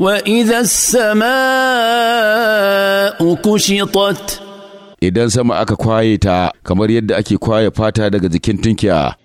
واذا السماء كشطت idan sama aka kwaye ta kamar yadda ake kwaye fata daga jikin tunkiya